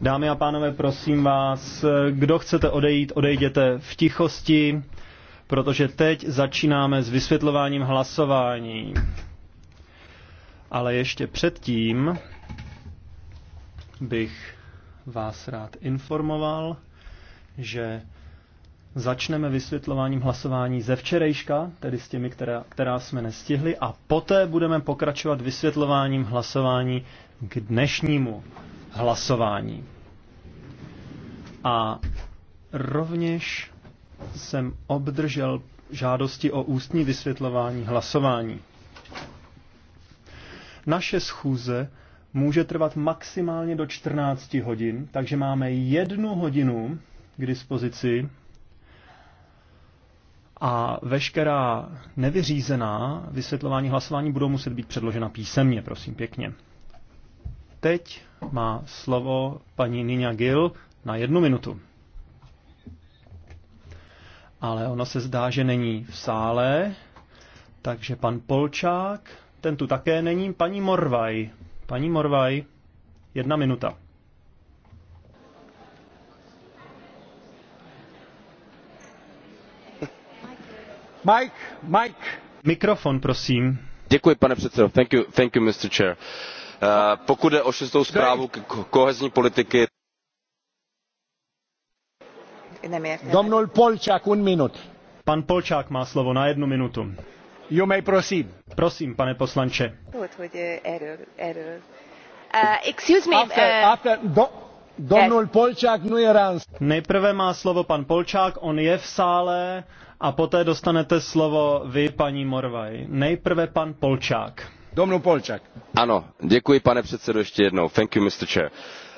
Dámy a pánové, prosím vás, kdo chcete odejít, odejděte v tichosti, protože teď začínáme s vysvětlováním hlasování. Ale ještě předtím bych vás rád informoval, že Začneme vysvětlováním hlasování ze včerejška, tedy s těmi, která, která jsme nestihli, a poté budeme pokračovat vysvětlováním hlasování k dnešnímu hlasování. A rovněž jsem obdržel žádosti o ústní vysvětlování hlasování. Naše schůze může trvat maximálně do 14 hodin, takže máme jednu hodinu k dispozici a veškerá nevyřízená vysvětlování hlasování budou muset být předložena písemně, prosím pěkně. Teď má slovo paní Nina Gil na jednu minutu. Ale ono se zdá, že není v sále, takže pan Polčák, ten tu také není, paní Morvaj. Paní Morvaj, jedna minuta. Mike, Mike. Mikrofon, prosím. Děkuji, pane předsedo. Thank you, thank you, Mr. Chair. Uh, pokud jde o šestou zprávu k kohezní politiky... Domnul Polčák, un minut. Pan Polčák má slovo na jednu minutu. You may proceed. Prosím, pane poslanče. Uh, excuse me, after, after, do, Domnul Polčák nu era Nejprve má slovo pan Polčák, on je v sále a poté dostanete slovo vy, paní Morvaj. Nejprve pan Polčák. Domnu Polčák. Ano, děkuji pane předsedo ještě jednou. Thank you, Mr. Chair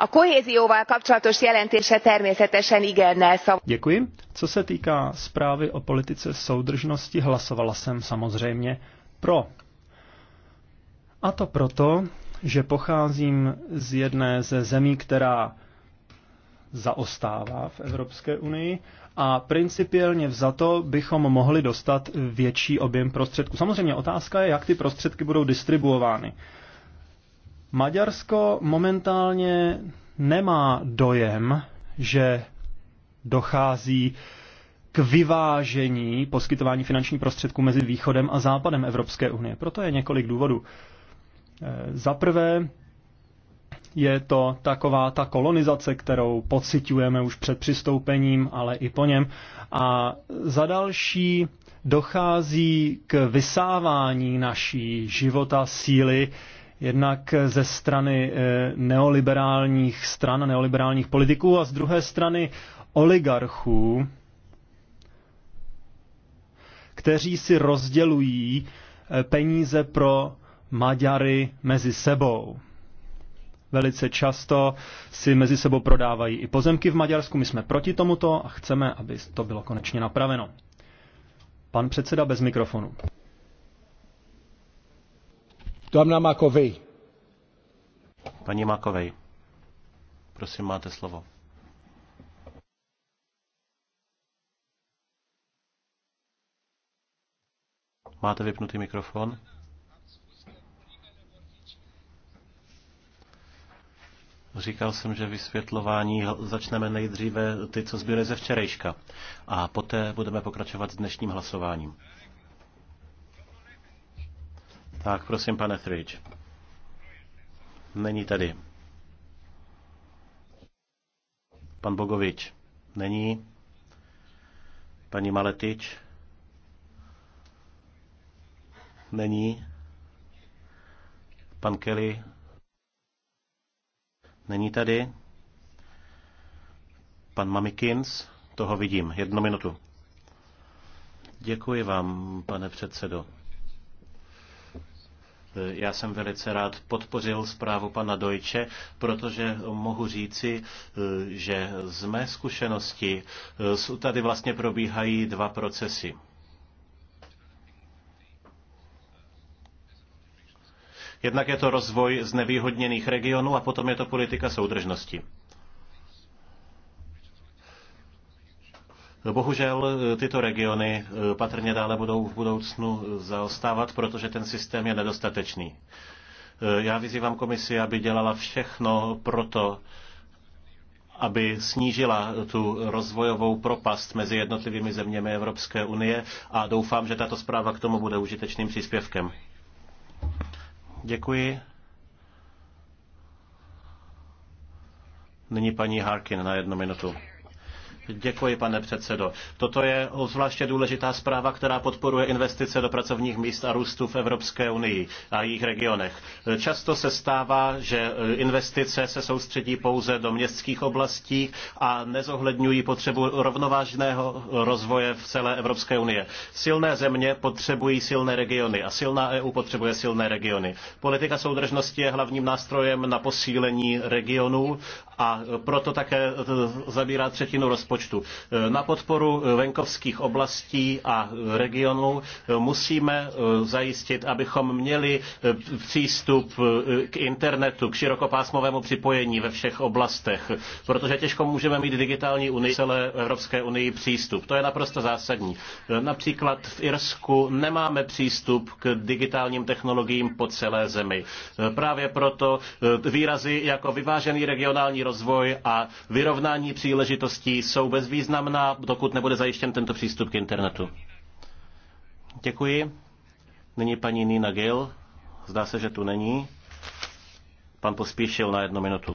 a kohézióval kapcsolatos jelentése természetesen igennel szavazok. Děkuji. Co se týká zprávy o politice soudržnosti, hlasovala jsem samozřejmě pro. A to proto, že pocházím z jedné ze zemí, která zaostává v Evropské unii a principiálně vzato bychom mohli dostat větší objem prostředků. Samozřejmě otázka je, jak ty prostředky budou distribuovány. Maďarsko momentálně nemá dojem, že dochází k vyvážení poskytování finančních prostředků mezi východem a západem Evropské unie. Proto je několik důvodů. E, za prvé je to taková ta kolonizace, kterou pocitujeme už před přistoupením, ale i po něm. A za další dochází k vysávání naší života, síly jednak ze strany eh, neoliberálních stran a neoliberálních politiků a z druhé strany oligarchů, kteří si rozdělují eh, peníze pro Maďary mezi sebou. Velice často si mezi sebou prodávají i pozemky v Maďarsku. My jsme proti tomuto a chceme, aby to bylo konečně napraveno. Pan předseda bez mikrofonu. Doamna Makovej. Paní Makovej, prosím, máte slovo. Máte vypnutý mikrofon? Říkal jsem, že vysvětlování začneme nejdříve ty, co zbyly ze včerejška. A poté budeme pokračovat s dnešním hlasováním. Tak, prosím, pane Thridge. Není tady. Pan Bogovič. Není. Paní Maletič. Není. Pan Kelly. Není tady. Pan Mamikins. Toho vidím. Jednu minutu. Děkuji vám, pane předsedo. Já jsem velice rád podpořil zprávu pana Dojče, protože mohu říci, e, že z mé zkušenosti e, tady vlastně probíhají dva procesy. Jednak je to rozvoj znevýhodněných regionů a potom je to politika soudržnosti. Bohužel eh, tyto regiony eh, patrně dále budou v budoucnu eh, zaostávat, protože ten systém je nedostatečný. Já vyzývám komisi, aby dělala všechno pro to, aby snížila tu rozvojovou propast mezi jednotlivými zeměmi Evropské unie a doufám, že tato zpráva k tomu bude užitečným příspěvkem. Děkuji. Nyní paní Harkin na jednu minutu. Děkuji, pane předsedo. Toto je zvláště důležitá zpráva, která podporuje investice do pracovních míst a růstu v Evropské unii a jejich regionech. Často se stává, že investice se soustředí pouze do městských oblastí a nezohledňují potřebu rovnovážného rozvoje v celé Evropské unii. Silné země potřebují silné regiony a silná EU potřebuje silné regiony. Politika soudržnosti je hlavním nástrojem na posílení regionů a proto také zabírá třetinu rozpočtu rozpočtu. E, na podporu e, venkovských oblastí a e, regionů musíme zajistit, abychom měli přístup k internetu, k širokopásmovému připojení ve všech oblastech, protože těžko můžeme mít digitální unii celé Evropské unii přístup. To je naprosto zásadní. Například v Irsku nemáme přístup k digitálním technologiím po celé zemi. Právě proto výrazy jako vyvážený regionální rozvoj a vyrovnání příležitostí jsou bezvýznamná, dokud nebude zajištěn tento přístup k internetu. Děkuji. Nyní paní Nina Gill. Zdá se, že tu není. Pan Pospíšil na jednu minutu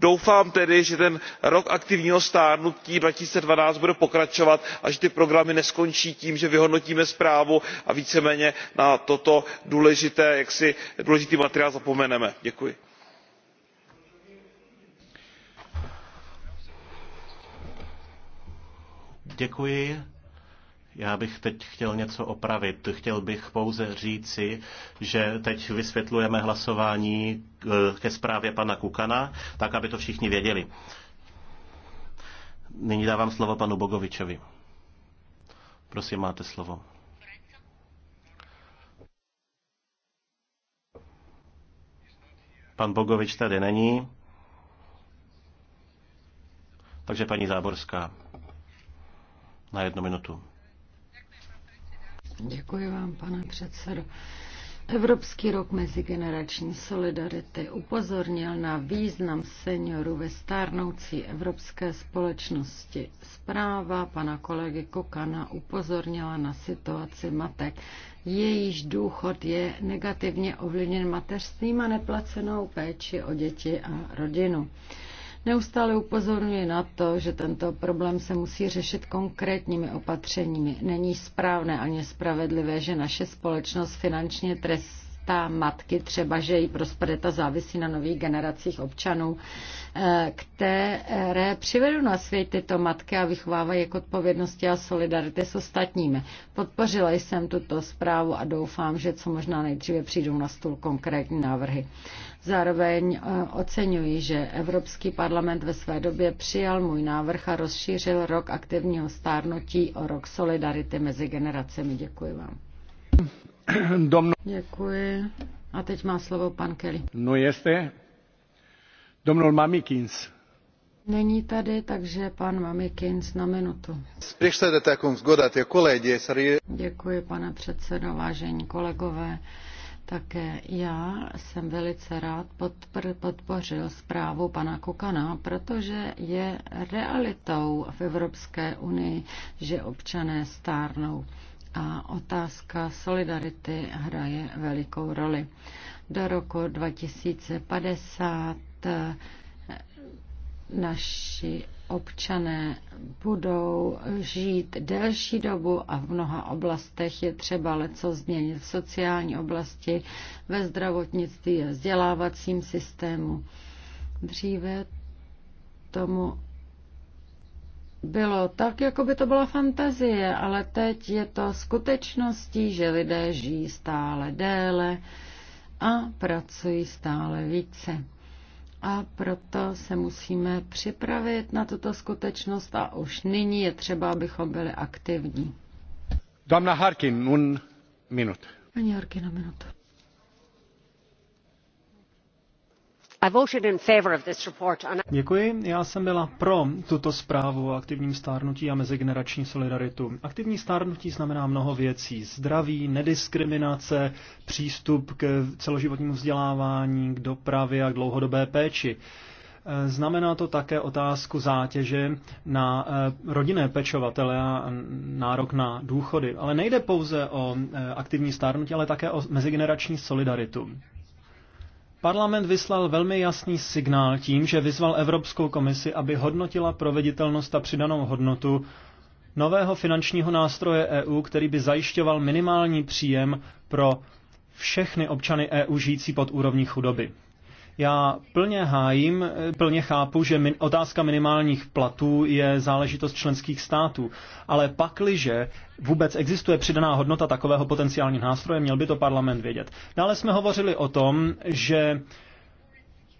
doufám tedy že ten rok aktivního stárnutí two thousand and twelve bude pokračovat a že ty programy neskončí tím že vyhodnotíme zprávu a víceméně na tento důležitý materiál zapomeneme. děkuji. děkuji já bych teď chtěl něco opravit. Chtěl bych pouze říci, že teď vysvětlujeme hlasování eh, ke zprávě pana Kukana, tak aby to všichni věděli. Nyní dávám slovo panu Bogovičovi. Prosím, máte slovo. Pan Bogovič tady není. Takže paní Záborská na jednu minutu. Děkuji vám, pane předsedo. Evropský rok mezigenerační solidarity upozornil na význam seniorů ve stárnoucí evropské společnosti. Zpráva pana kolegy Kokana upozornila na situaci matek. Jejíž důchod je negativně ovlivněn mateřstvím a neplacenou péči o děti a rodinu. Neustále upozorňuji na to, že tento problém se musí řešit konkrétními opatřeními. Není správné ani spravedlivé, že naše společnost finančně trestá matky, třeba že její prosperita závisí na nových generacích občanů, eh, které přivedou na svět tyto matky a vychovávají k odpovědnosti a solidarity s ostatními. Podpořila jsem tuto zprávu a doufám, že co možná nejdříve přijdou na stůl konkrétní návrhy. Zároveň eh, oceňuji, že Evropský parlament ve své době přijal můj návrh a rozšířil rok aktivního stárnutí o rok solidarity mezi generacemi. Děkuji vám. Domno... Děkuji. A teď má slovo pan Kelly. No jeste. Domnul Mamikins. Není tady, takže pan Mamikins na minutu. Děkuji, pane předsedo, vážení kolegové. Také já jsem velice rád podpr- podpořil zprávu pana Kukana, protože je realitou v Evropské unii, že občané stárnou a otázka solidarity hraje velikou roli. Do roku 2050 eh, naši občané budou žít delší dobu a v mnoha oblastech je třeba leco změnit v sociální oblasti, ve zdravotnictví a vzdělávacím systému. Dříve tomu bylo tak, jako by to byla fantazie, ale teď je to skutečností, že lidé žijí stále déle a pracují stále více. A proto se musíme připravit na tuto skutečnost a už nyní je třeba, abychom byli aktivní. Dámna Harkin, un minut. Pani Harkin, minutu. Děkuji, já jsem byla pro tuto zprávu o aktivním stárnutí a mezigenerační solidaritu. Aktivní stárnutí znamená mnoho věcí. Zdraví, nediskriminace, přístup k celoživotnímu vzdělávání, k dopravě a k dlouhodobé péči. Eh, znamená to také otázku zátěže na eh, rodinné pečovatele a nárok na důchody. Ale nejde pouze o eh, aktivní stárnutí, ale také o mezigenerační solidaritu. Parlament vyslal velmi jasný signál tím, že vyzval Evropskou komisi, aby hodnotila proveditelnost a přidanou hodnotu nového finančního nástroje EU, který by zajišťoval minimální příjem pro všechny občany EU žijící pod úrovní chudoby. Já plně hájím, plně chápu, že min, otázka minimálních platů je záležitost členských států, ale pakliže vůbec existuje přidaná hodnota takového potenciálního nástroje, měl by to parlament vědět. Dále jsme hovořili o tom, že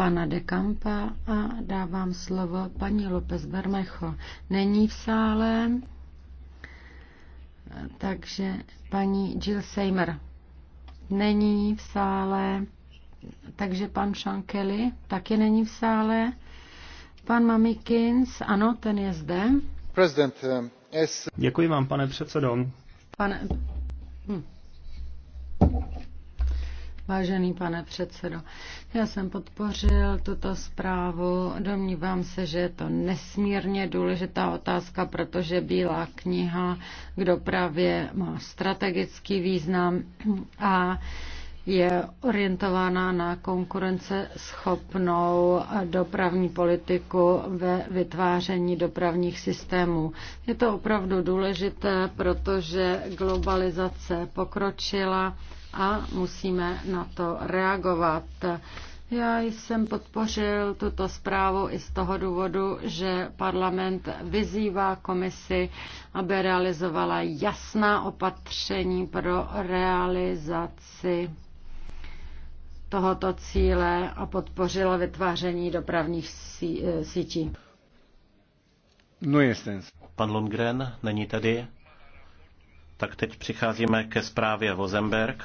pana de Campa a dávám slovo paní López Bermecho. Není v sále, takže paní Jill Seimer. Není v sále, takže pan Sean Kelly taky není v sále. Pan Mamikins, ano, ten je zde. President, eh, Děkuji vám, pane předsedo. Pane... Hm. Vážený pane předsedo, já jsem podpořil tuto zprávu. Domnívám se, že je to nesmírně důležitá otázka, protože Bílá kniha k dopravě má strategický význam a je orientována na konkurenceschopnou dopravní politiku ve vytváření dopravních systémů. Je to opravdu důležité, protože globalizace pokročila a musíme na to reagovat. Já jsem podpořil tuto zprávu i z toho důvodu, že parlament vyzývá komisi, aby realizovala jasná opatření pro realizaci tohoto cíle a podpořila vytváření dopravních eh, sítí. No jestli. Pan Lundgren není tady. Tak teď přicházíme ke zprávě Vozemberg.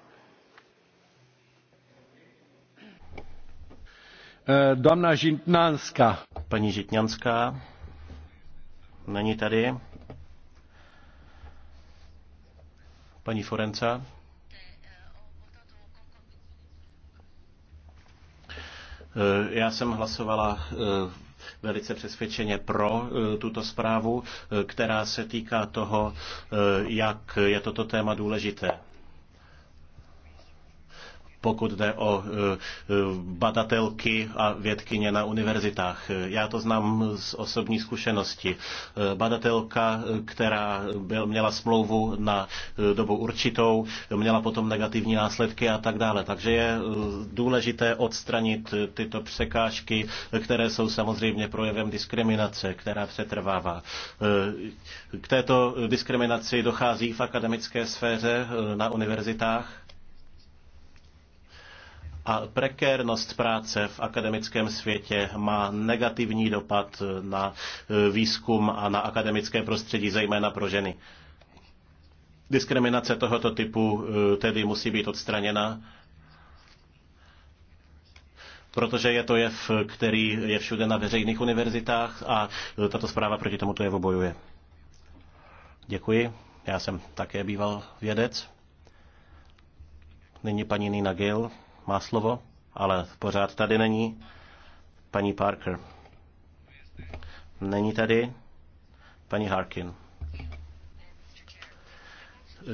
Eh, Paní Žitňanská není tady. Paní forenza eh, Já jsem hlasovala eh, velice přesvědčeně pro tuto zprávu, která se týká toho, jak je toto téma důležité pokud jde o eh, eh, badatelky a vědkyně na univerzitách. Já to znám z osobní zkušenosti. Eh, badatelka, která byl, měla smlouvu na dobu určitou, měla potom negativní následky a tak dále. Takže je důležité odstranit tyto překážky, které jsou samozřejmě projevem diskriminace, která přetrvává. K této diskriminaci dochází v akademické sféře na univerzitách a prekérnost práce v akademickém světě má negativní dopad na e, výzkum a na akademické prostředí, zejména pro ženy. Diskriminace tohoto typu e, tedy musí být odstraněna, protože je to jev, který je všude na veřejných univerzitách a e, tato zpráva proti tomuto jevu bojuje. Děkuji. Já jsem také býval vědec. Nyní paní Nina Gill má slovo, ale pořád tady není. Paní Parker. Není tady. Paní Harkin.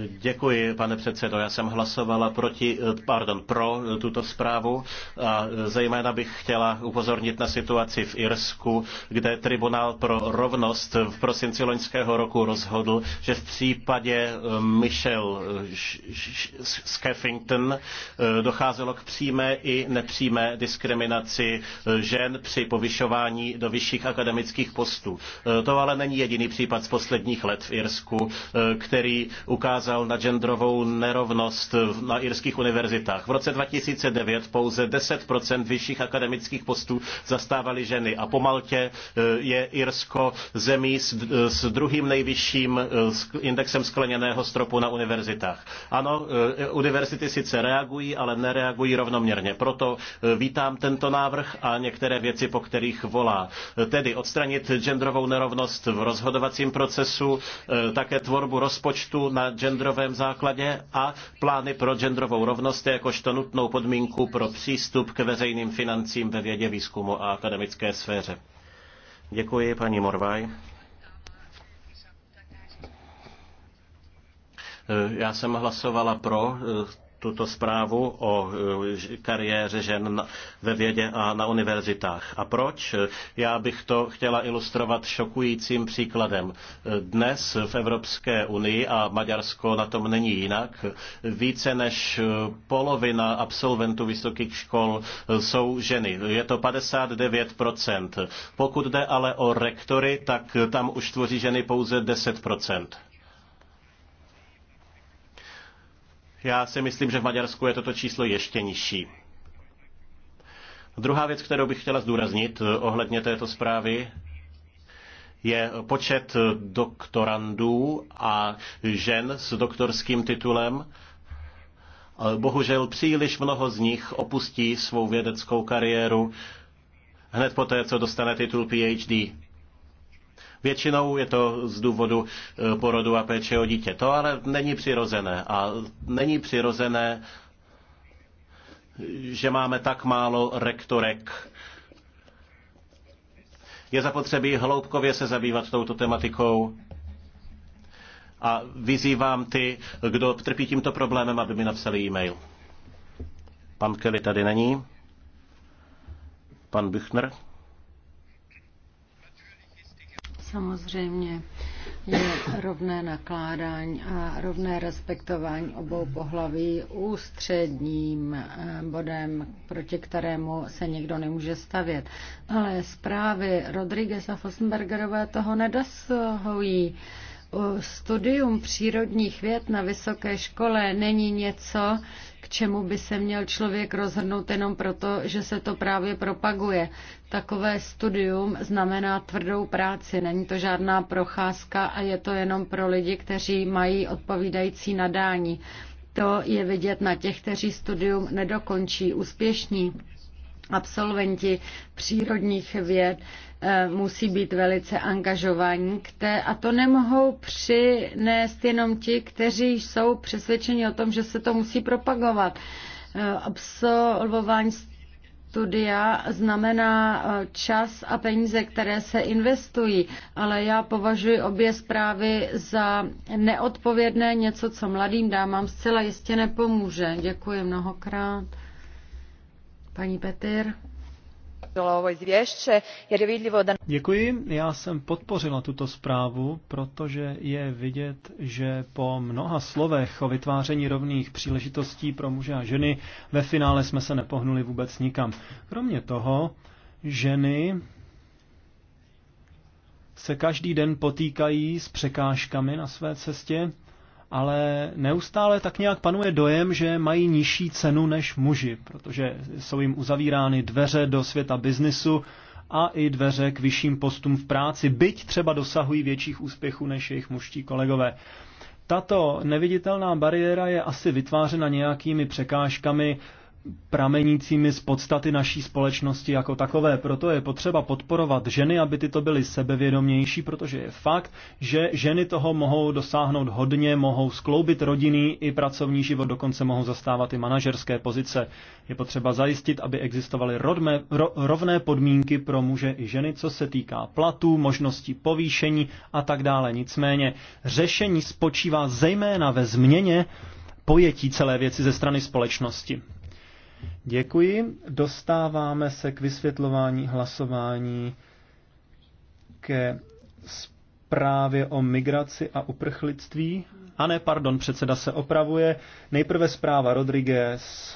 Děkuji, pane předsedo. Já jsem hlasovala proti, eh, pardon, pro eh, tuto zprávu a eh, zejména bych chtěla upozornit na situaci v Irsku, kde Tribunál pro rovnost v prosinci loňského roku rozhodl, že v případě Michelle Skeffington docházelo k přímé i nepřímé diskriminaci žen při povyšování do vyšších akademických postů. To ale není jediný případ z posledních let v Irsku, který ukázal, poukázal na genderovou nerovnost na irských univerzitách. V roce 2009 pouze 10% vyšších akademických postů zastávaly ženy a po Maltě eh, je Irsko zemí s, eh, s druhým nejvyšším eh, indexem skleněného stropu na univerzitách. Ano, univerzity sice reagují, ale nereagují rovnoměrně. Proto vítám tento návrh a některé věci, po kterých volá. Tedy odstranit genderovou nerovnost v rozhodovacím procesu, také tvorbu rozpočtu na gender genderovém základě a plány pro genderovou rovnost jakožto nutnou podmínku pro přístup k veřejným financím ve vědě, výzkumu a akademické sféře. Děkuji, paní Morvaj. Já jsem hlasovala pro eh, tuto zprávu o e, kariéře žen ve vědě a na univerzitách. A proč? Já bych to chtěla ilustrovat šokujícím příkladem. Dnes v Evropské unii, a Maďarsko na tom není jinak, více než polovina absolventů vysokých škol jsou ženy. Je to 59%. Pokud jde ale o rektory, tak tam už tvoří ženy pouze 10%. Já si myslím, že v Maďarsku je toto číslo ještě nižší. Druhá věc, kterou bych chtěla zdůraznit eh, ohledně této zprávy, je počet doktorandů a žen s doktorským titulem. Eh, bohužel příliš mnoho z nich opustí svou vědeckou kariéru hned poté, co dostane titul PhD. Většinou je to z důvodu eh, porodu a péče o dítě. To ale není přirozené. A není přirozené, že máme tak málo rektorek je zapotřebí hloubkově se zabývat touto tematikou. A vyzývám ty, kdo trpí tímto problémem, aby mi napsali e-mail. Pan Kelly tady není. Pan Büchner. Samozřejmě je rovné nakládání a rovné respektování obou pohlaví ústředním eh, bodem, proti kterému se nikdo nemůže stavět. Ale zprávy Rodriguez a Fosenbergerové toho nedosahují. Eh, studium přírodních věd na vysoké škole není něco, k čemu by se měl člověk rozhodnout jenom proto, že se to právě propaguje. Takové studium znamená tvrdou práci, není to žádná procházka a je to jenom pro lidi, kteří mají odpovídající nadání. To je vidět na těch, kteří studium nedokončí úspěšní absolventi přírodních věd eh, musí být velice angažovaní a to nemohou přinést jenom ti, kteří jsou přesvědčeni o tom, že se to musí propagovat. Eh, absolvování studia znamená eh, čas a peníze, které se investují, ale já považuji obě zprávy za neodpovědné, něco, co mladým dámám zcela jistě nepomůže. Děkuji mnohokrát. Paní Petr, Děkuji, já jsem podpořila tuto zprávu, protože je vidět, že po mnoha slovech o vytváření rovných příležitostí pro muže a ženy ve finále jsme se nepohnuli vůbec nikam. Kromě toho, ženy se každý den potýkají s překážkami na své cestě, ale neustále tak nějak panuje dojem, že mají nižší cenu než muži, protože jsou jim uzavírány dveře do světa biznisu a i dveře k vyšším postům v práci, byť třeba dosahují větších úspěchů než jejich mužští kolegové. Tato neviditelná bariéra je asi vytvářena nějakými překážkami pramenícími z podstaty naší společnosti jako takové. Proto je potřeba podporovat ženy, aby tyto byly sebevědomější, protože je fakt, že ženy toho mohou dosáhnout hodně, mohou skloubit rodinný i pracovní život, dokonce mohou zastávat i manažerské pozice. Je potřeba zajistit, aby existovaly rodme, ro, rovné podmínky pro muže i ženy, co se týká platů, možností povýšení a tak dále. Nicméně řešení spočívá zejména ve změně pojetí celé věci ze strany společnosti. Děkuji. Dostáváme se k vysvětlování hlasování ke zprávě o migraci a uprchlictví. A ne, pardon, předseda se opravuje. Nejprve zpráva Rodriguez.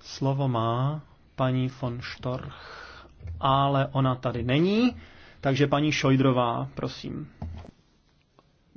Slovo má paní von Storch, ale ona tady není. Takže paní Šojdrová, prosím.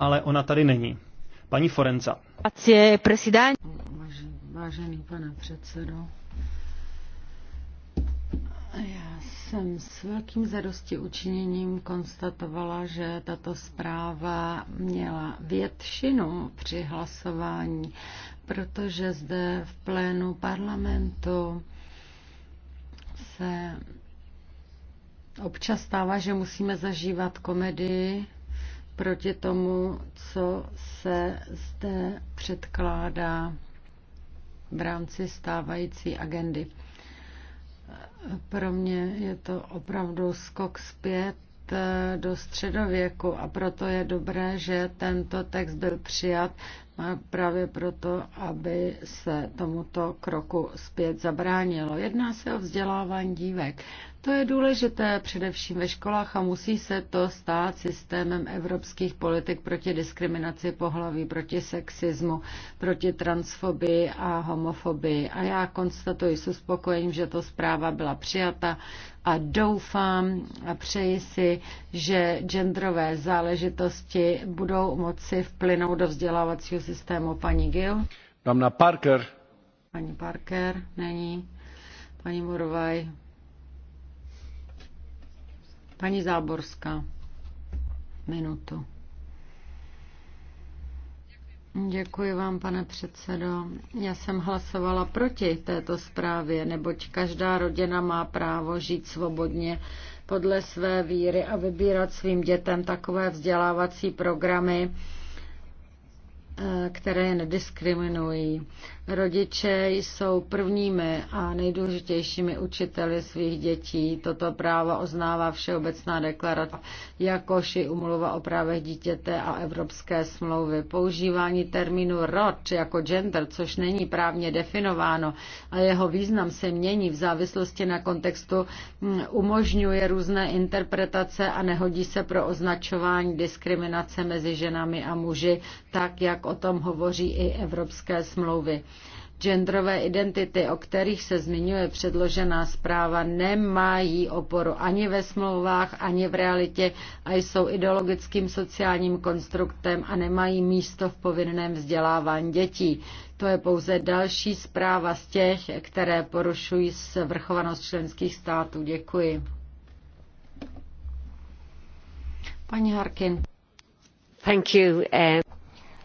ale ona tady není. Paní Forenza. Vážený pane předsedo, já jsem s velkým zadosti učiněním konstatovala, že tato zpráva měla většinu při hlasování, protože zde v plénu parlamentu se občas stává, že musíme zažívat komedii proti tomu, co se zde předkládá v rámci stávající agendy. Pro mě je to opravdu skok zpět Eh, do středověku a proto je dobré, že tento text byl přijat právě proto, aby se tomuto kroku zpět zabránilo. Jedná se o vzdělávání dívek. To je důležité především ve školách a musí se to stát systémem evropských politik proti diskriminaci pohlaví, proti sexismu, proti transfobii a homofobii. A já konstatuji s uspokojením, že to zpráva byla přijata a doufám a přeji si, že genderové záležitosti budou moci vplynout do vzdělávacího systému paní Gil. na Parker. Paní Parker není. Paní Morvaj. Paní Záborská. Minutu. Děkuji vám, pane předsedo. Já jsem hlasovala proti této zprávě, neboť každá rodina má právo žít svobodně podle své víry a vybírat svým dětem takové vzdělávací programy, Eh, které je nediskriminují. Rodiče jsou prvními a nejdůležitějšími učiteli svých dětí. Toto právo oznává Všeobecná deklarace, jakož i umluva o právech dítěte a evropské smlouvy. Používání termínu rod jako gender, což není právně definováno a jeho význam se mění v závislosti na kontextu, hm, umožňuje různé interpretace a nehodí se pro označování diskriminace mezi ženami a muži, tak jak jak o tom hovoří i evropské smlouvy. Genderové identity, o kterých se zmiňuje předložená zpráva, nemají oporu ani ve smlouvách, ani v realitě a jsou ideologickým sociálním konstruktem a nemají místo v povinném vzdělávání dětí. To je pouze další zpráva z těch, které porušují svrchovanost členských států. Děkuji. Paní Harkin. Thank you. Uh...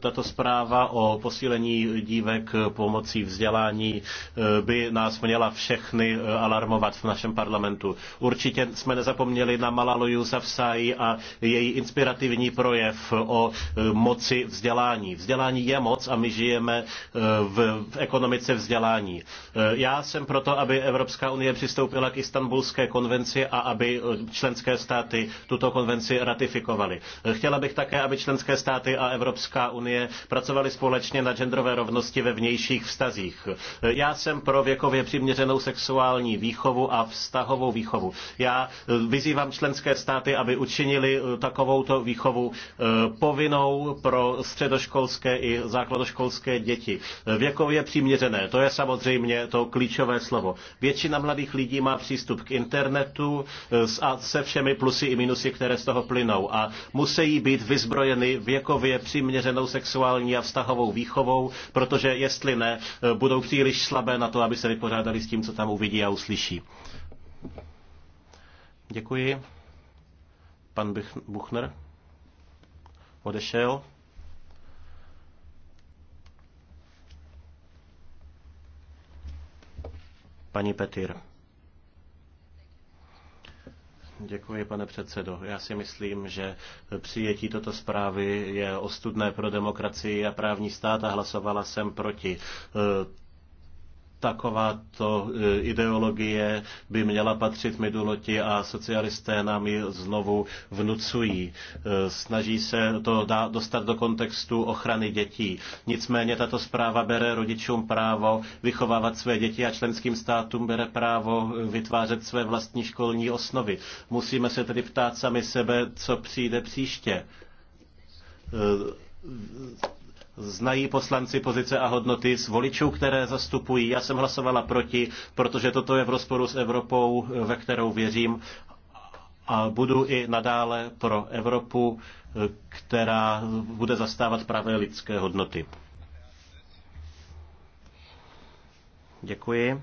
Tato zpráva o posílení dívek pomocí vzdělání eh, by nás měla všechny eh, alarmovat v našem parlamentu. Určitě jsme nezapomněli na Malalu Yousafzai a její inspirativní projev o eh, moci vzdělání. Vzdělání je moc a my žijeme v, v ekonomice vzdělání. Já jsem proto, aby Evropská unie přistoupila k Istanbulské konvenci a aby členské státy tuto konvenci ratifikovaly. Chtěla bych také, aby členské státy a Evropská unie unie pracovali společně na genderové rovnosti ve vnějších vztazích. Já jsem pro věkově přiměřenou sexuální výchovu a vztahovou výchovu. Já eh, vyzývám členské státy, aby učinili eh, takovouto výchovu eh, povinnou pro středoškolské i základoškolské děti. Věkově přiměřené, to je samozřejmě to klíčové slovo. Většina mladých lidí má přístup k internetu a se všemi plusy i minusy, které z toho plynou a musí být vyzbrojeny věkově přiměřenou sexuální a vztahovou výchovou, protože jestli ne, eh, budou příliš slabé na to, aby se vypořádali s tím, co tam uvidí a uslyší. Děkuji. Pan Buchner odešel. Paní Petýr. Děkuji, pane předsedo. Já si myslím, že přijetí toto zprávy je ostudné pro demokracii a právní stát a hlasovala jsem proti eh, takováto eh, ideologie by měla patřit Miduloti a socialisté nám ji znovu vnucují. Eh, snaží se to dostat do kontextu ochrany dětí. Nicméně tato zpráva bere rodičům právo vychovávat své děti a členským státům bere právo eh, vytvářet své vlastní školní osnovy. Musíme se tedy ptát sami sebe, co přijde příště znají poslanci pozice a hodnoty z voličů, které zastupují. Já jsem hlasovala proti, protože toto je v rozporu s Evropou, ve kterou věřím a budu i nadále pro Evropu, která bude zastávat pravé lidské hodnoty. Děkuji.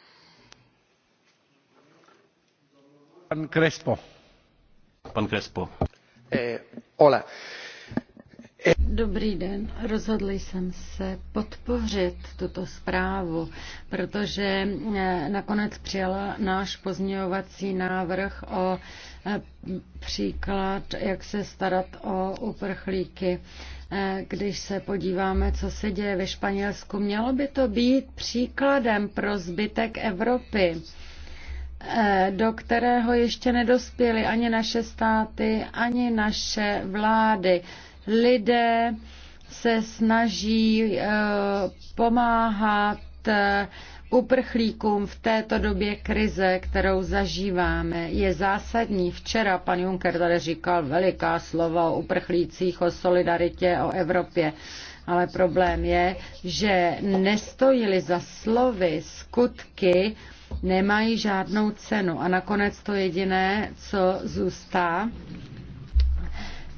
Pan eh, eh, Dobrý den, rozhodl jsem se podpořit tuto zprávu, protože eh, nakonec přijala náš pozměňovací návrh o příklad, jak se starat o uprchlíky. Když se podíváme, co se děje ve Španělsku, mělo by to být příkladem pro zbytek Evropy Eh, do kterého ještě nedospěly ani naše státy, ani naše vlády. Lidé se snaží eh, pomáhat eh, uprchlíkům v této době krize, kterou zažíváme, je zásadní. Včera pan Juncker tady říkal veliká slova o uprchlících, o solidaritě, o Evropě. Ale problém je, že nestojili za slovy, skutky, nemají žádnou cenu. A nakonec to jediné, co zůstá,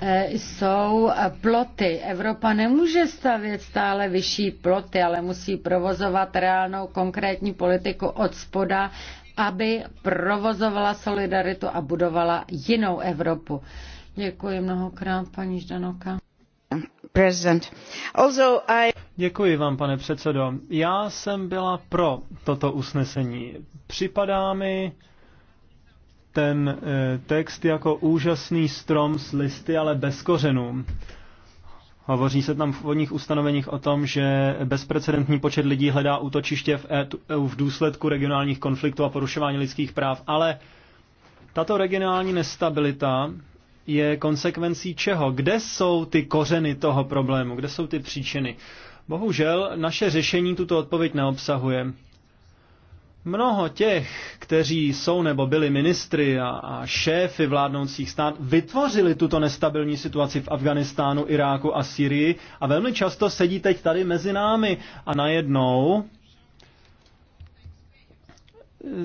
eh, jsou ploty. Evropa nemůže stavět stále vyšší ploty, ale musí provozovat reálnou konkrétní politiku od spoda, aby provozovala solidaritu a budovala jinou Evropu. Děkuji mnohokrát, paní Ždanoka. Děkuji vám, pane předsedo. Já jsem byla pro toto usnesení. Připadá mi ten eh, text jako úžasný strom s listy, ale bez kořenů. Hovoří se tam v úvodních ustanoveních o tom, že bezprecedentní počet lidí hledá útočiště v EU e v důsledku regionálních konfliktů a porušování lidských práv, ale tato regionální nestabilita je konsekvencí čeho? Kde jsou ty kořeny toho problému? Kde jsou ty příčiny? Bohužel naše řešení tuto odpověď neobsahuje. Mnoho těch, kteří jsou nebo byli ministry a, a šéfy vládnoucích stát, vytvořili tuto nestabilní situaci v Afganistánu, Iráku a Syrii a velmi často sedí teď tady mezi námi a najednou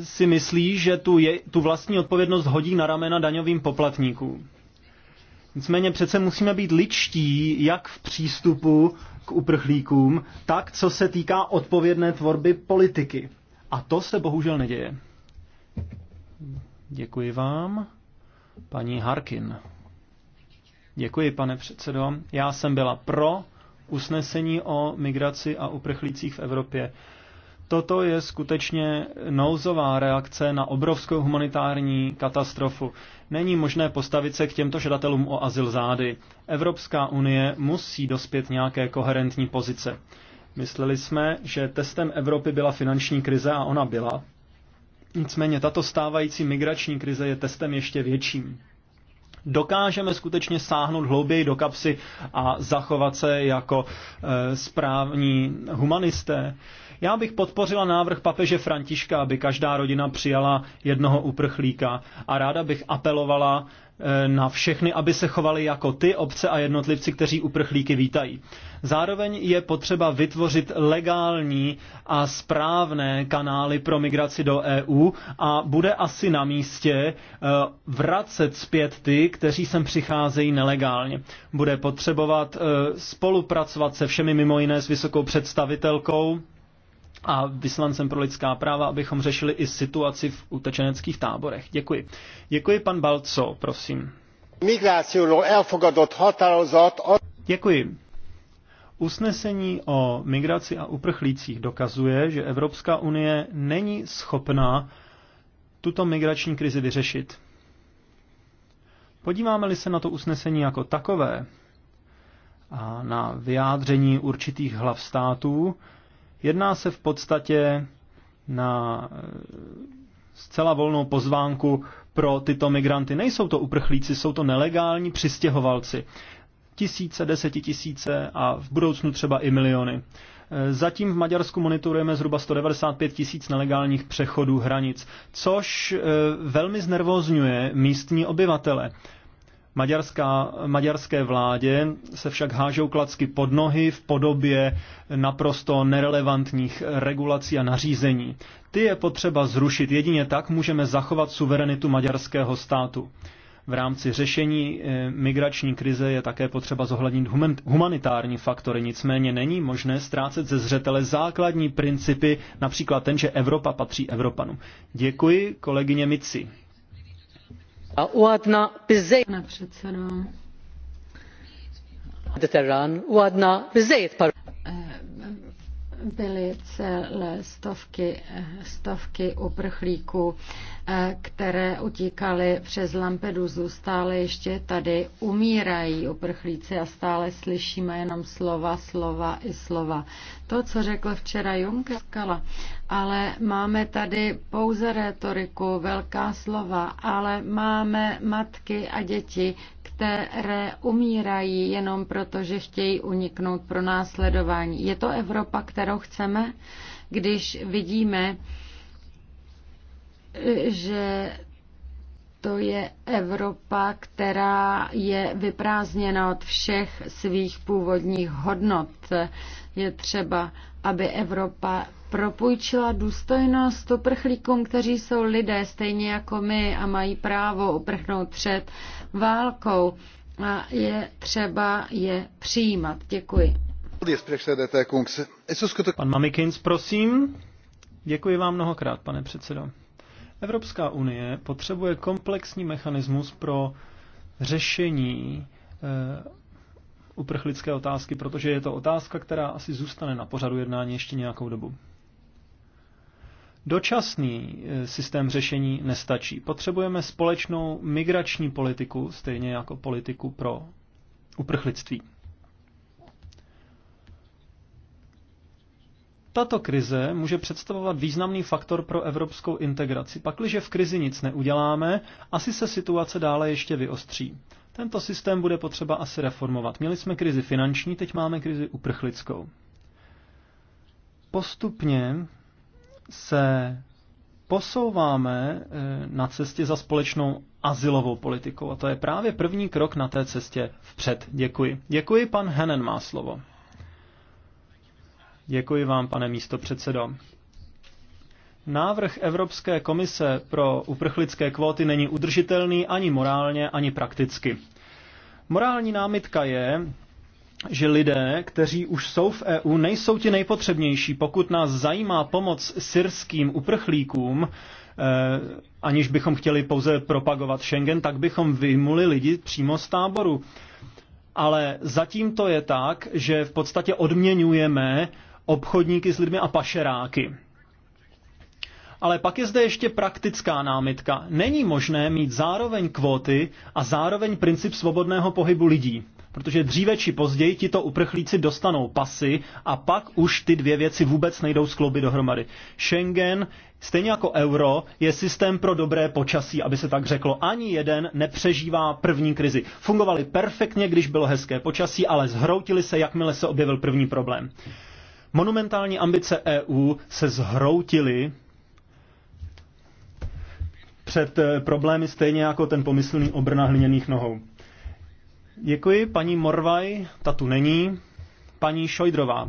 si myslí, že tu, je, tu vlastní odpovědnost hodí na ramena daňovým poplatníkům. Nicméně přece musíme být ličtí, jak v přístupu k uprchlíkům, tak co se týká odpovědné tvorby politiky. A to se bohužel neděje. Děkuji vám. Paní Harkin. Děkuji, pane předsedo. Já jsem byla pro usnesení o migraci a uprchlících v Evropě. Toto je skutečně nouzová reakce na obrovskou humanitární katastrofu. Není možné postavit se k těmto žadatelům o azyl zády. Evropská unie musí dospět nějaké koherentní pozice. Mysleli jsme, že testem Evropy byla finanční krize a ona byla. Nicméně tato stávající migrační krize je testem ještě větším dokážeme skutečně sáhnout hlouběji do kapsy a zachovat se jako e, správní humanisté. Já bych podpořila návrh papeže Františka, aby každá rodina přijala jednoho uprchlíka a ráda bych apelovala Eh, na všechny, aby se chovali jako ty obce a jednotlivci, kteří uprchlíky vítají. Zároveň je potřeba vytvořit legální a správné kanály pro migraci do EU a bude asi na místě eh, vracet zpět ty, kteří sem přicházejí nelegálně. Bude potřebovat eh, spolupracovat se všemi mimo jiné s vysokou představitelkou a vyslancem pro lidská práva, abychom řešili i situaci v utečeneckých táborech. Děkuji. Děkuji, pan Balco, prosím. Děkuji. Usnesení o migraci a uprchlících dokazuje, že Evropská unie není schopná tuto migrační krizi vyřešit. Podíváme-li se na to usnesení jako takové a na vyjádření určitých hlav států, Jedná se v podstatě na eh, zcela volnou pozvánku pro tyto migranty. Nejsou to uprchlíci, jsou to nelegální přistěhovalci. Tisíce, desetitisíce a v budoucnu třeba i miliony. Eh, zatím v Maďarsku monitorujeme zhruba 195 tisíc nelegálních přechodů hranic, což eh, velmi znervozňuje místní obyvatele. Maďarská, maďarské vládě se však hážou klacky pod nohy v podobě naprosto nerelevantních regulací a nařízení. Ty je potřeba zrušit, jedině tak můžeme zachovat suverenitu maďarského státu. V rámci řešení eh, migrační krize je také potřeba zohlednit humanitární faktory, nicméně není možné ztrácet ze zřetele základní principy, například ten, že Evropa patří Evropanům. Děkuji kolegyně Mici u għadna bizzejt. Pane předsedo. Mediterran u għadna bizzejt byly celé stovky, stovky uprchlíků, eh, které utíkaly přes Lampedusu. Stále ještě tady umírají uprchlíci a stále slyšíme jenom slova, slova i slova. To, co řekl včera Juncker, ale máme tady pouze retoriku, velká slova, ale máme matky a děti, které umírají jenom proto, že chtějí uniknout pro následování. Je to Evropa, kterou chceme, když vidíme, že to je Evropa, která je vyprázdněna od všech svých původních hodnot. Je třeba, aby Evropa propůjčila důstojnost uprchlíkům, kteří jsou lidé stejně jako my a mají právo uprchnout před válkou a je třeba je přijímat. Děkuji. Pan Mamikins, prosím. Děkuji vám mnohokrát, pane předsedo. Evropská unie potřebuje komplexní mechanismus pro řešení e, uprchlické otázky, protože je to otázka, která asi zůstane na pořadu jednání ještě nějakou dobu. Dočasný e, systém řešení nestačí. Potřebujeme společnou migrační politiku, stejně jako politiku pro uprchlictví. Tato krize může představovat významný faktor pro evropskou integraci. Pakliže v krizi nic neuděláme, asi se situace dále ještě vyostří. Tento systém bude potřeba asi reformovat. Měli jsme krizi finanční, teď máme krizi uprchlickou. Postupně se posouváme eh, na cestě za společnou asilovou politikou a to je právě první krok na té cestě vpřed. Děkuji. Děkuji, pan Henen má slovo. Děkuji vám, pane místo předsedo. Návrh Evropské komise pro uprchlické kvóty není udržitelný ani morálně, ani prakticky. Morální námitka je, že lidé, kteří už jsou v EU, nejsou ti nejpotřebnější. Pokud nás zajímá pomoc syrským uprchlíkům, eh, aniž bychom chtěli pouze propagovat Schengen, tak bychom vymuli lidi přímo z táboru. Ale zatím to je tak, že v podstatě odměňujeme obchodníky s lidmi a pašeráky. Ale pak je zde ještě praktická námitka. Není možné mít zároveň kvóty a zároveň princip svobodného pohybu lidí. Protože dříve či později to uprchlíci dostanou pasy a pak už ty dvě věci vůbec nejdou skloubit dohromady. Schengen, stejně jako euro, je systém pro dobré počasí, aby se tak řeklo. Ani jeden nepřežívá první krizi. Fungovali perfektně, když bylo hezké počasí, ale zhroutili se, jakmile se objevil první problém. Monumentální ambice EU se zhroutily před eh, problémy stejně jako ten pomyslný obr na hliněných nohou. Děkuji. Paní Morvaj, ta tu není. Paní Šojdrová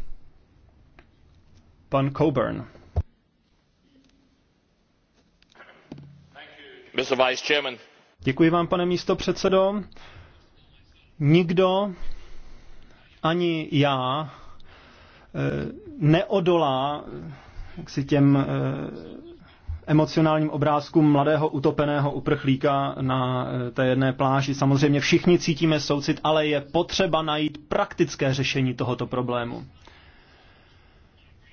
Pan Coburn. Děkuji vám, pane místo předsedo. Nikdo, ani já, eh, neodolá eh, jak si těm eh, emocionálním obrázkům mladého utopeného uprchlíka na té jedné pláži. Samozřejmě všichni cítíme soucit, ale je potřeba najít praktické řešení tohoto problému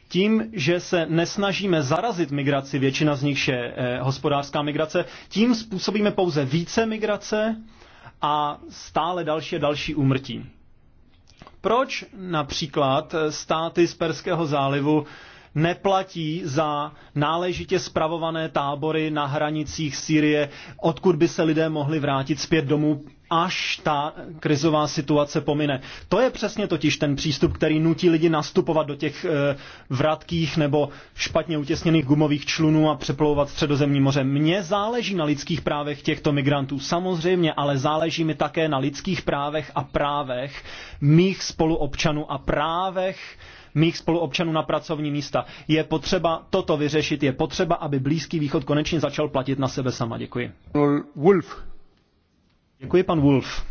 tím, že se nesnažíme zarazit migraci, většina z nich je eh, hospodářská migrace, tím způsobíme pouze více migrace a stále další a další úmrtí. Proč například eh, státy z Perského zálivu neplatí za náležitě spravované tábory na hranicích Sýrie, odkud by se lidé mohli vrátit zpět domů až ta krizová situace pomine. To je přesně totiž ten přístup, který nutí lidi nastupovat do těch eh, vratkých nebo špatně utěsněných gumových člunů a přeplouvat středozemní moře. Mně záleží na lidských právech těchto migrantů, samozřejmě, ale záleží mi také na lidských právech a právech mých spoluobčanů a právech mých spoluobčanů na pracovní místa. Je potřeba toto vyřešit, je potřeba, aby Blízký východ konečně začal platit na sebe sama. Děkuji. Wolf. Děkuji, Wolf.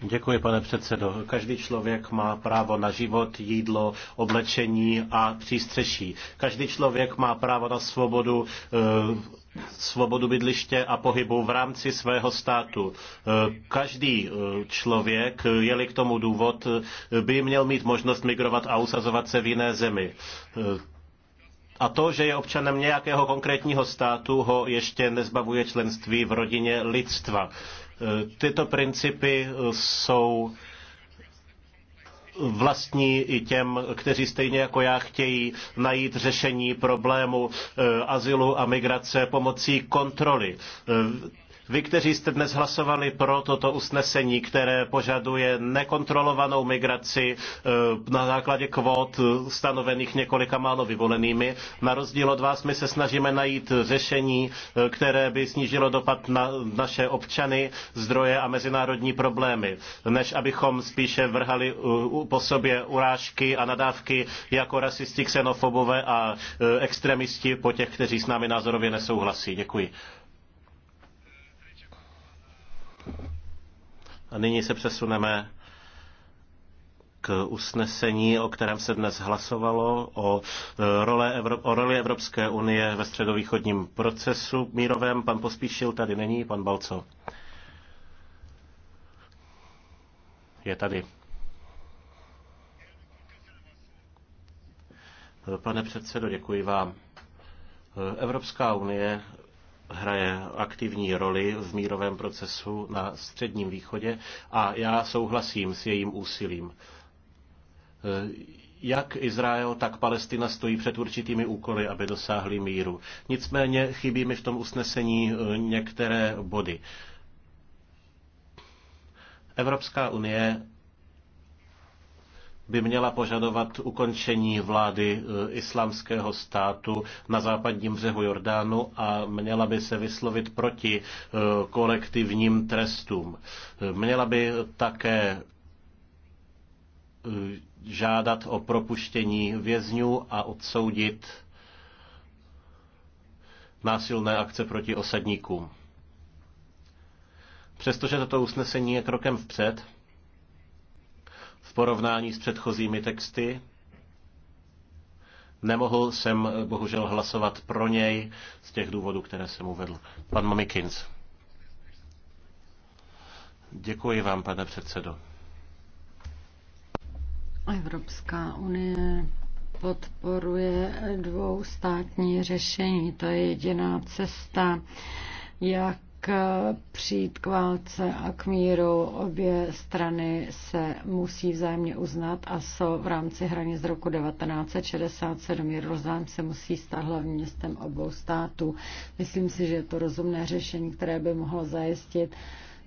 Děkuji, pane předsedající Každý člověk má právo na život, jídlo, oblečení a přístřeší. Každý člověk má právo na svobodu, eh, svobodu bydliště a pohybu v rámci svého státu. Eh, každý eh, člověk, je-li k tomu důvod, by měl mít možnost migrovat a usazovat se v jiné zemi a to, že je občanem nějakého konkrétního státu, ho ještě nezbavuje členství v rodině lidstva. E, tyto principy e, jsou vlastní i těm, kteří stejně jako já chtějí najít řešení problému e, azylu a migrace pomocí kontroly. Vy, kteří jste dnes hlasovali pro toto usnesení, které požaduje nekontrolovanou migraci eh, na základě kvót eh, stanovených několika málo vyvolenými, na rozdíl od vás my se snažíme najít řešení, eh, které by snížilo dopad na naše občany, zdroje a mezinárodní problémy, než abychom spíše vrhali po sobě urážky a nadávky jako rasisti, xenofobové a extremisti po těch, kteří s námi názorově nesouhlasí. Děkuji. A nyní se přesuneme k usnesení, o kterém se dnes hlasovalo, o, e, role Evrop- o roli Evropské unie ve středovýchodním procesu mírovém. Pan Pospíšil tady není, pan Balco. Je tady. E, pane předsedo, děkuji vám. E, Evropská unie hraje aktivní roli v mírovém procesu na Středním východě a já souhlasím s jejím úsilím. E, jak Izrael, tak Palestina stojí před určitými úkoly, aby dosáhli míru. Nicméně chybí mi v tom usnesení e, některé body. Evropská unie by měla požadovat ukončení vlády eh, islámského státu na západním břehu Jordánu a měla by se vyslovit proti eh, kolektivním trestům. Eh, měla by také žádat o propuštění vězňů a odsoudit násilné akce proti osadníkům. Přestože toto usnesení je krokem vpřed, v porovnání s předchozími texty. Nemohl jsem bohužel hlasovat pro něj z těch důvodů, které jsem uvedl. Pan Mamikins. Děkuji vám, pane předsedo. Evropská unie podporuje dvoustátní řešení. To je jediná cesta, jak přijít k válce a k míru. Obě strany se musí vzájemně uznat a jsou v rámci hranic z roku 1967. Jeruzalém se musí stát hlavním městem obou států. Myslím si, že je to rozumné řešení, které by mohlo zajistit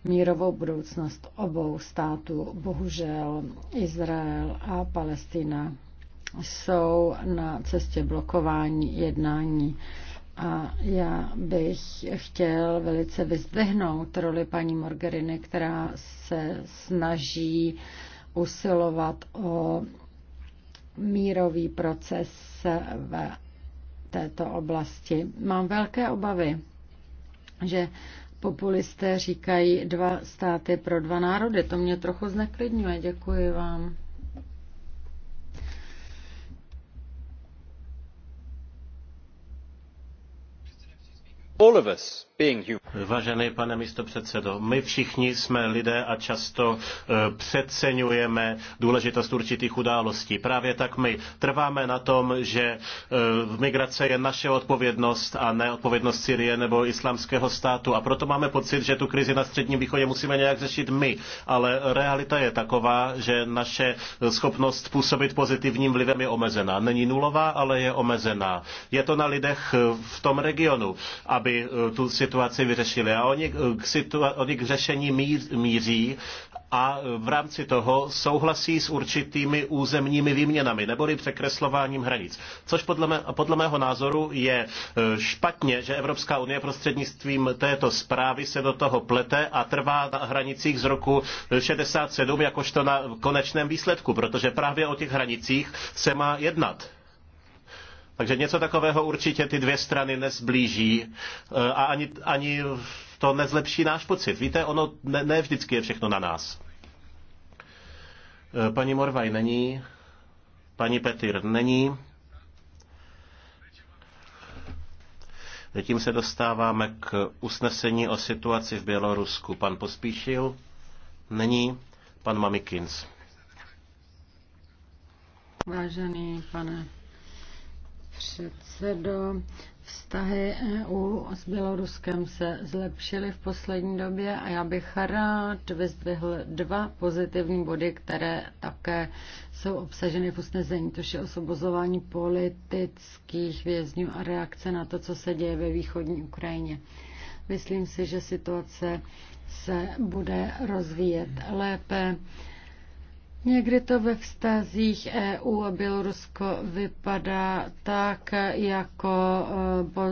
mírovou budoucnost obou států. Bohužel Izrael a Palestina jsou na cestě blokování jednání. A já bych chtěl velice vyzdvihnout roli paní Morgeriny, která se snaží usilovat o mírový proces v této oblasti. Mám velké obavy, že populisté říkají dva státy pro dva národy. To mě trochu zneklidňuje. Děkuji vám. Vážený pane místopředsedo, my všichni jsme lidé a často eh, přeceňujeme důležitost určitých událostí. Právě tak my trváme na tom, že eh, migrace je naše odpovědnost a ne odpovědnost Syrie nebo islámského státu. A proto máme pocit, že tu krizi na Středním východě musíme nějak řešit my. Ale realita je taková, že naše schopnost působit pozitivním vlivem je omezená. Není nulová, ale je omezená. Je to na lidech v tom regionu, aby aby eh, tu situaci vyřešili. A oni eh, k, situa- oni k řešení míří a eh, v rámci toho souhlasí s určitými územními výměnami neboli překreslováním hranic. Což podle, mé, podle mého názoru je špatně, že Evropská unie prostřednictvím této zprávy se do toho plete a trvá na hranicích z roku 67 jakožto na konečném výsledku, protože právě o těch hranicích se má jednat. Takže něco takového určitě ty dvě strany nezblíží eh, a ani, ani to nezlepší náš pocit. Víte, ono ne, ne vždycky je všechno na nás. Eh, paní Morvaj není, paní Petyr není. Tím se dostáváme k usnesení o situaci v Bělorusku. Pan Pospíšil není, pan Mamikins. Vážený pane předsedo. Vztahy EU s Běloruskem se zlepšily v poslední době a já bych rád vyzdvihl dva pozitivní body, které také jsou obsaženy v usnesení, to je osobozování politických vězňů a reakce na to, co se děje ve východní Ukrajině. Myslím si, že situace se bude rozvíjet lépe Někdy to ve vztazích EU a Bělorusko vypadá tak, jako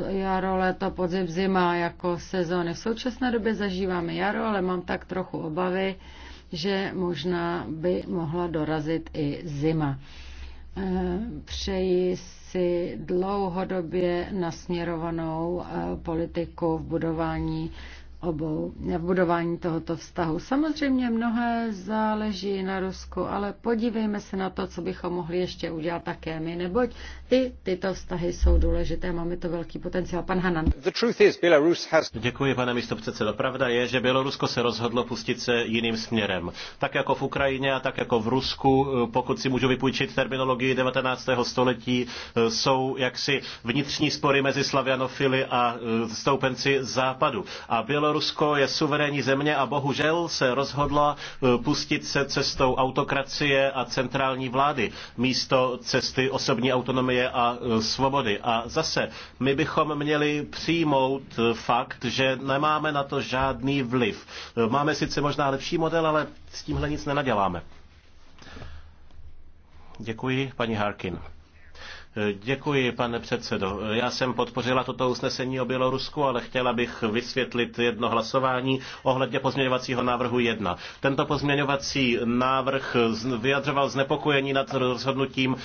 eh, jaro, léto, podzim, zima, jako sezóny. V současné době zažíváme jaro, ale mám tak trochu obavy, že možná by mohla dorazit i zima. Eh, přeji si dlouhodobě nasměrovanou eh, politiku v budování obou v budování tohoto vztahu. Samozřejmě mnohé záleží na Rusku, ale podívejme se na to, co bychom mohli ještě udělat také my, neboť ty, tyto vztahy jsou důležité, máme to velký potenciál. Pan Hanan. Is, has... Děkuji, pane místopředsedo. Pravda je, že Bělorusko se rozhodlo pustit se jiným směrem. Tak jako v Ukrajině a tak jako v Rusku, pokud si můžu vypůjčit terminologii 19. století, jsou jaksi vnitřní spory mezi slavianofily a e, stoupenci západu. A Bělorus Bělorusko je suverénní země a bohužel se rozhodla e, pustit se cestou autokracie a centrální vlády místo cesty osobní autonomie a e, svobody. A zase, my bychom měli přijmout e, fakt, že nemáme na to žádný vliv. Máme sice možná lepší model, ale s tímhle nic nenaděláme. Děkuji, paní Harkin. Děkuji, pane předsedo. Já jsem podpořila toto usnesení o Bělorusku, ale chtěla bych vysvětlit jedno hlasování ohledně pozměňovacího návrhu 1. Tento pozměňovací návrh vyjadřoval znepokojení nad rozhodnutím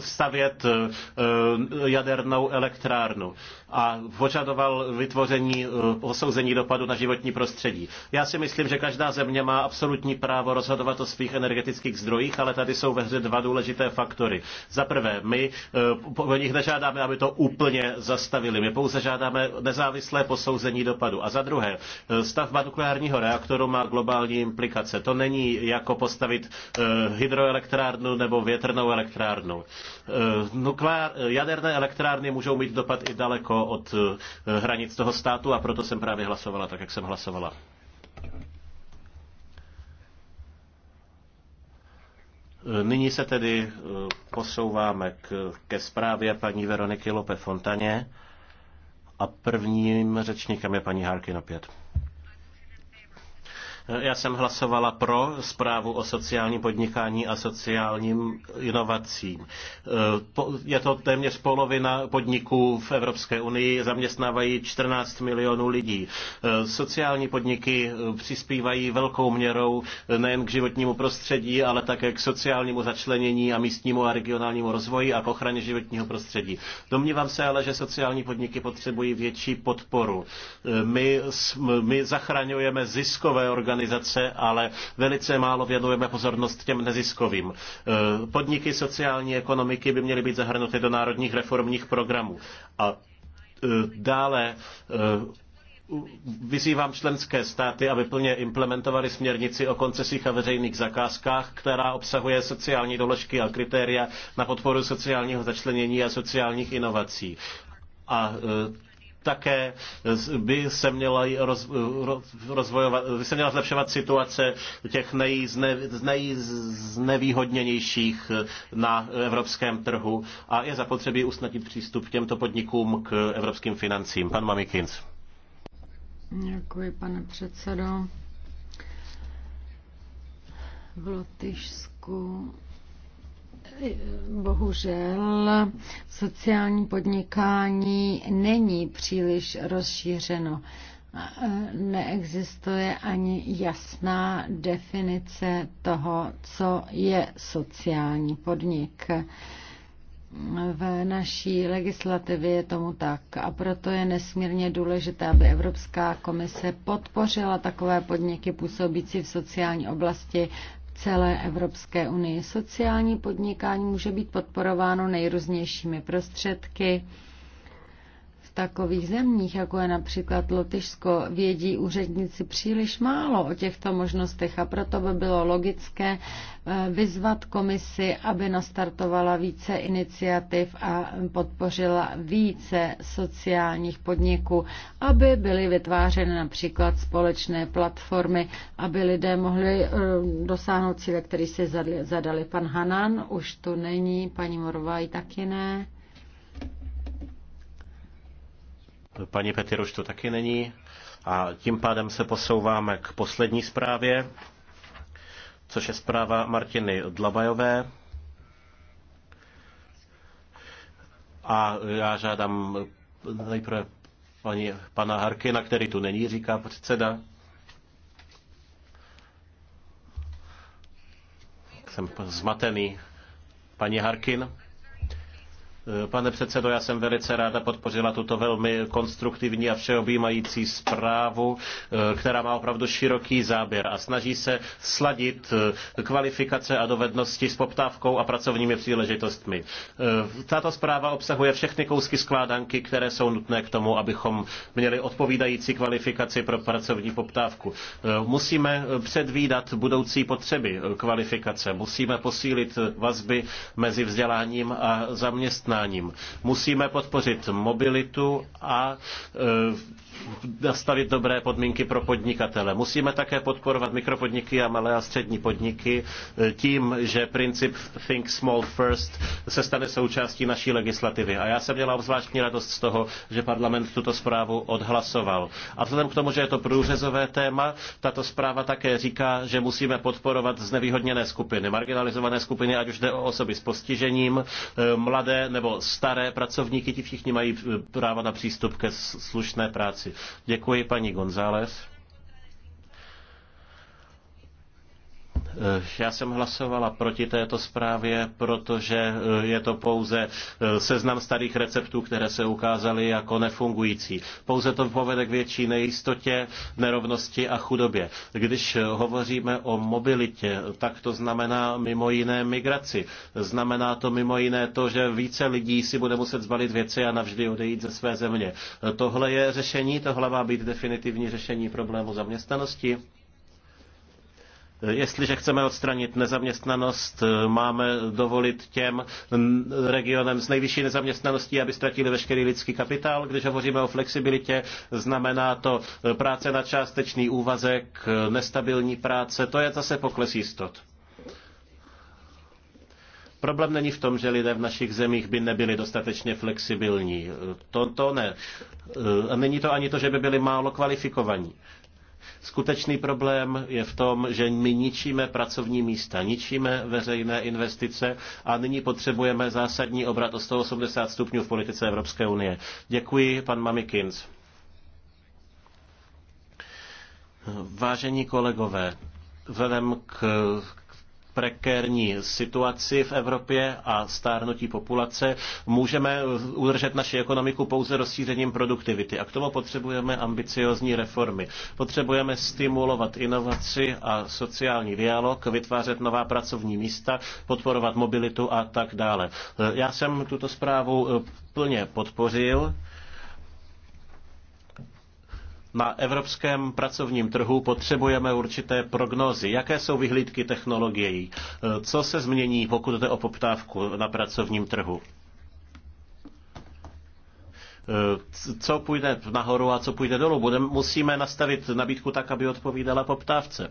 stavět eh, eh, jadernou elektrárnu a požadoval vytvoření eh, posouzení dopadu na životní prostředí. Já si myslím, že každá země má absolutní právo rozhodovat o svých energetických zdrojích, ale tady jsou ve hře dva důležité faktory. Za prvé, my eh, po nich nežádáme, aby to úplně zastavili. My pouze žádáme nezávislé posouzení dopadu. A za druhé, eh, stavba nukleárního reaktoru má globální implikace. To není jako postavit hydroelektrárnu nebo větrnou elektrárnu. Nukleár, jaderné elektrárny můžou mít dopad i daleko od eh, hranic toho státu a proto jsem právě hlasovala tak, jak jsem hlasovala. Eh, nyní se tedy eh, posouváme k, ke zprávě paní Veroniky Lope Fontaně a prvním řečníkem je paní Harkin opět. pět. Já jsem hlasovala pro zprávu o sociálním podnikání a sociálním inovacím. E, je to téměř polovina podniků v Evropské unii, zaměstnávají 14 milionů lidí. E, sociální podniky e, přispívají velkou měrou nejen k životnímu prostředí, ale také k sociálnímu začlenění a místnímu a regionálnímu rozvoji a k ochraně životního prostředí. Domnívám se ale, že sociální podniky potřebují větší podporu. My, my zachraňujeme ziskové organizace, organizace, ale velice málo věnujeme pozornost těm neziskovým. E, podniky sociální ekonomiky by měly být zahrnuty do národních reformních programů. A e, dále e, vyzývám členské státy, aby plně implementovali směrnici o koncesích a veřejných zakázkách, která obsahuje sociální doložky a kritéria na podporu sociálního začlenění a sociálních inovací. A také by se měla, roz, rozvojovat, by se měla zlepšovat situace těch nejzne, na evropském trhu a je zapotřebí usnadnit přístup těmto podnikům k evropským financím. Pan Mamikins. Děkuji, pane předsedo. V Lotyšsku Bohužel sociální podnikání není příliš rozšířeno. E, neexistuje ani jasná definice toho, co je sociální podnik. V naší legislativě je tomu tak a proto je nesmírně důležité, aby Evropská komise podpořila takové podniky působící v sociální oblasti celé Evropské unii. Sociální podnikání může být podporováno nejrůznějšími prostředky, takových zemích, jako je například Lotyšsko, vědí úředníci příliš málo o těchto možnostech a proto by bylo logické eh, vyzvat komisi, aby nastartovala více iniciativ a podpořila více sociálních podniků, aby byly vytvářeny například společné platformy, aby lidé mohli eh, dosáhnout cíle, který si zadali. Pan Hanan už tu není, paní Morová i taky ne. Paní Petiruš tu taky není. A tím pádem se posouváme k poslední zprávě, což je zpráva Martiny Dlabajové. A já žádám nejprve paní, pana Harkina, který tu není, říká předseda. Jsem zmatený. Paní Harkin. Pane předsedo, já jsem velice ráda podpořila tuto velmi konstruktivní a všeobjímající zprávu, eh, která má opravdu široký záběr a snaží se sladit eh, kvalifikace a dovednosti s poptávkou a pracovními příležitostmi. Eh, tato zpráva obsahuje všechny kousky skládanky, které jsou nutné k tomu, abychom měli odpovídající kvalifikaci pro pracovní poptávku. Musíme předvídat budoucí potřeby kvalifikace, musíme posílit vazby mezi vzděláním a zaměstnáním jednáním. Musíme podpořit mobilitu a e, nastavit dobré podmínky pro podnikatele. Musíme také podporovat mikropodniky a malé a střední podniky e, tím, že princip Think Small First se stane součástí naší legislativy. A já jsem měla obzvláštní radost z toho, že parlament tuto zprávu odhlasoval. A vzhledem k tomu, že je to průřezové téma, tato zpráva také říká, že musíme podporovat znevýhodněné skupiny, marginalizované skupiny, ať už jde o osoby s postižením, e, mladé nebo nebo staré pracovníky, ti všichni mají eh, práva na přístup ke slušné práci. Děkuji paní González. Eh, já jsem hlasovala proti této zprávě, protože eh, je to pouze eh, seznam starých receptů, které se ukázaly jako nefungující. Pouze to povede k větší nejistotě, nerovnosti a chudobě. Když hovoříme o mobilitě, tak to znamená mimo jiné migraci. Znamená to mimo jiné to, že více lidí si bude muset zbalit věci a navždy odejít ze své země. Tohle je řešení, tohle má být definitivní řešení problému zaměstnanosti. Jestliže chceme odstranit nezaměstnanost, máme dovolit těm regionem s nejvyšší nezaměstnaností, aby ztratili veškerý lidský kapitál. Když hovoříme o flexibilitě, znamená to práce na částečný úvazek, nestabilní práce, to je zase pokles jistot. Problém není v tom, že lidé v našich zemích by nebyli dostatečně flexibilní. To, to ne. Není to ani to, že by byli málo kvalifikovaní. Skutečný problém je v tom, že my ničíme pracovní místa, ničíme veřejné investice a nyní potřebujeme zásadní obrat o 180 stupňů v politice Evropské unie. Děkuji, pan Mamikins. Vážení kolegové, vzhledem k prekérní situaci v Evropě a stárnutí populace, můžeme udržet naši ekonomiku pouze rozšířením produktivity. A k tomu potřebujeme ambiciozní reformy. Potřebujeme stimulovat inovaci a sociální dialog, vytvářet nová pracovní místa, podporovat mobilitu a tak dále. Já jsem tuto zprávu plně podpořil na evropském pracovním trhu potřebujeme určité prognózy. Jaké jsou vyhlídky technologií? Co se změní, pokud jde o poptávku na pracovním trhu? Co půjde nahoru a co půjde dolů? Budeme musíme nastavit nabídku tak, aby odpovídala poptávce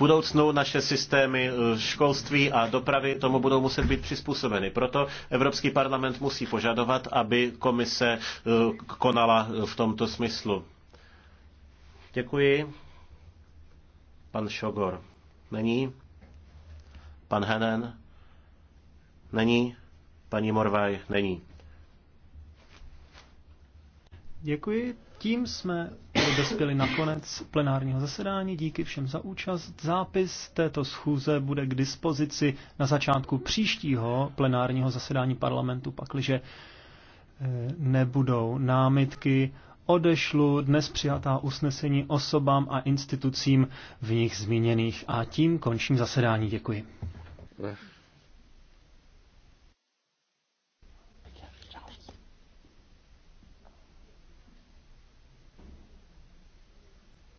budoucnu naše systémy eh, školství a dopravy tomu budou muset být přizpůsobeny. Proto Evropský parlament musí požadovat, aby komise eh, konala eh, v tomto smyslu. Děkuji. Pan Šogor. Není? Pan Henen? Není? Paní Morvaj? Není. Děkuji. Tím jsme dospěli na konec plenárního zasedání. Díky všem za účast. Zápis této schůze bude k dispozici na začátku příštího plenárního zasedání parlamentu, pakliže eh, nebudou námitky. Odešlu dnes přijatá usnesení osobám a institucím v nich zmíněných a tím končím zasedání. Děkuji.